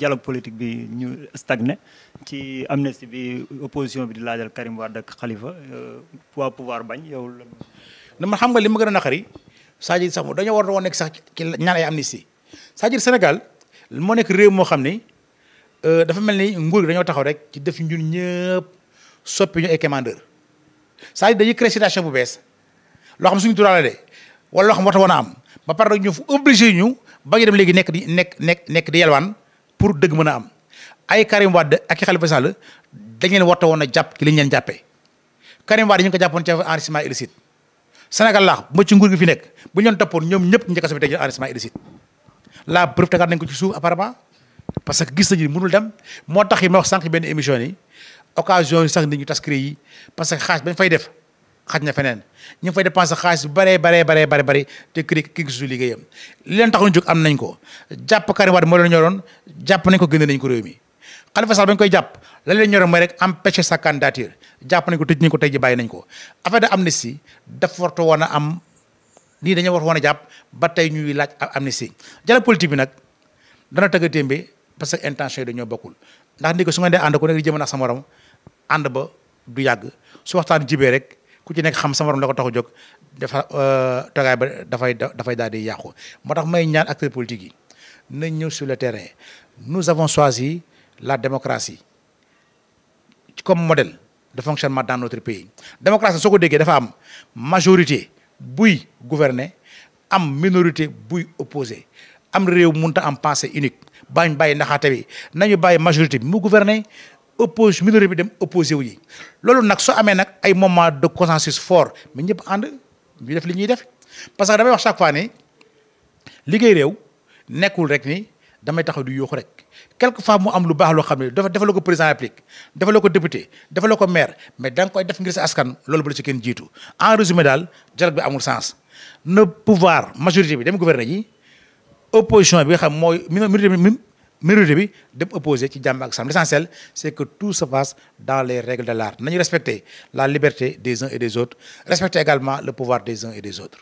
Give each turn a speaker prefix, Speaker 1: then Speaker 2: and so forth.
Speaker 1: dialogue politique bi ñu stagné ci amnistie bi opposition bi di laajal Karim Wade ak Khalifa euh, waa pouvoir bañ yow la. dama xam nga li ma gën a naqari c'est-à-dire sax dañoo war a nekk sax ci ñaan ay amnistie c'est-à-dire Sénégal moo nekk réew moo xam ne euh, dafa mel ni nguur dañoo taxaw rek ci def ñun ñëpp soppi ñu ay commandeur c'est-à-dire bu bees loo xam suñu turaa la de wala loo xam war a woon a am ba pare rek ñu obligé ñu ba ñu dem léegi nekk di nekk nekk nekk di yelwaan pour dëgg mën a am ay Karim Wade ak i Khalifa Sall dañ leen warta woon a jàpp ci li ñu leen jàppee Karim Wade ñu ko jàppoon ci enrichissement illicite Sénégal laax bu ci nguur gi fi nekk bu ñu doon toppoon ñoom ñëpp ñu kaso bi tey enrichissement illicite la preuve tegaat nañ ko ci suuf apparemment parce que gis nañu mënul dem moo tax yi ma wax sànq benn émission yi occasion yi sax nit ñu tas CREI yi parce que xaaj bañ fay def xaj na feneen ñu ngi fay dépenser xaalis bu baree baree baree bare bëri te kii kii gisul liggéeyam li leen taxoon jóg am nañ ko jàpp Karim Wade moo leen ñoroon jàpp nañ ko génne nañ ko réew mi ñu la nañ ko tëj nañ ko tey ji daf warta woon a am nii dañoo war woon a jàpp ba tey ñuy laaj ab amnistie jala politique bi nag dana tëgg a témbe parce intention yi dañoo bokkul ndax ndi su nga dee ànd ko nekk di jëm nax sa morom ànd ba du yàgg su waxtaan jibee rek ku ci nekk xam sama la ko tax a jóg dafa euh, togaay ba dafay dafay daal di yàqu moo tax may ñaan acteurs politiques yi nañ ñëw sur le terrain nous avons choisi la démocratie comme modèle de fonctionnement dans notre pays démocratie soo ko déggee dafa am majorité buy gouverner am minorité buy opposé am réew munta am pensée unique bañ bàyyi naxaate bi nañu bàyyi majorité bi mu gouverner oppose minorité bi dem opposé wu yi loolu nag soo amee nag ay moment de consensus fort mais ñëpp ànd ñu def li ñuy def parce que damay wax chaque fois ni liggéey réew nekkul rek ni damay taxaw di yooxu rek quelque fois mu am lu baax loo xam ne dafa defaloo ko président applique defaloo ko député defaloo ko maire mais dang nga koy def ngir si askan loolu bu la ci kenn jiitu en résumé daal dialogue bi amul sens na pouvoir majorité bi dem gouverner yi opposition bi nga xam mooy minorité minorité bi dem opposé ci jàmm ak sam l'essentiel c'est que tout se passe dans les règles de l'art nañu respecter la liberté des uns et des autres respecter également le pouvoir des uns et des autres